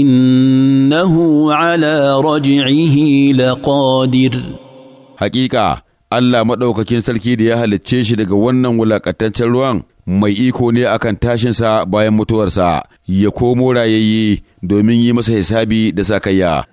innahu ala raji'ihi laqadir haƙiƙa Allah maɗaukakin sarki da ya halicce shi daga wannan wulaƙantaccen ruwan mai iko ne akan tashinsa bayan mutuwarsa ya komo rayayye domin yi masa hisabi da sakayya.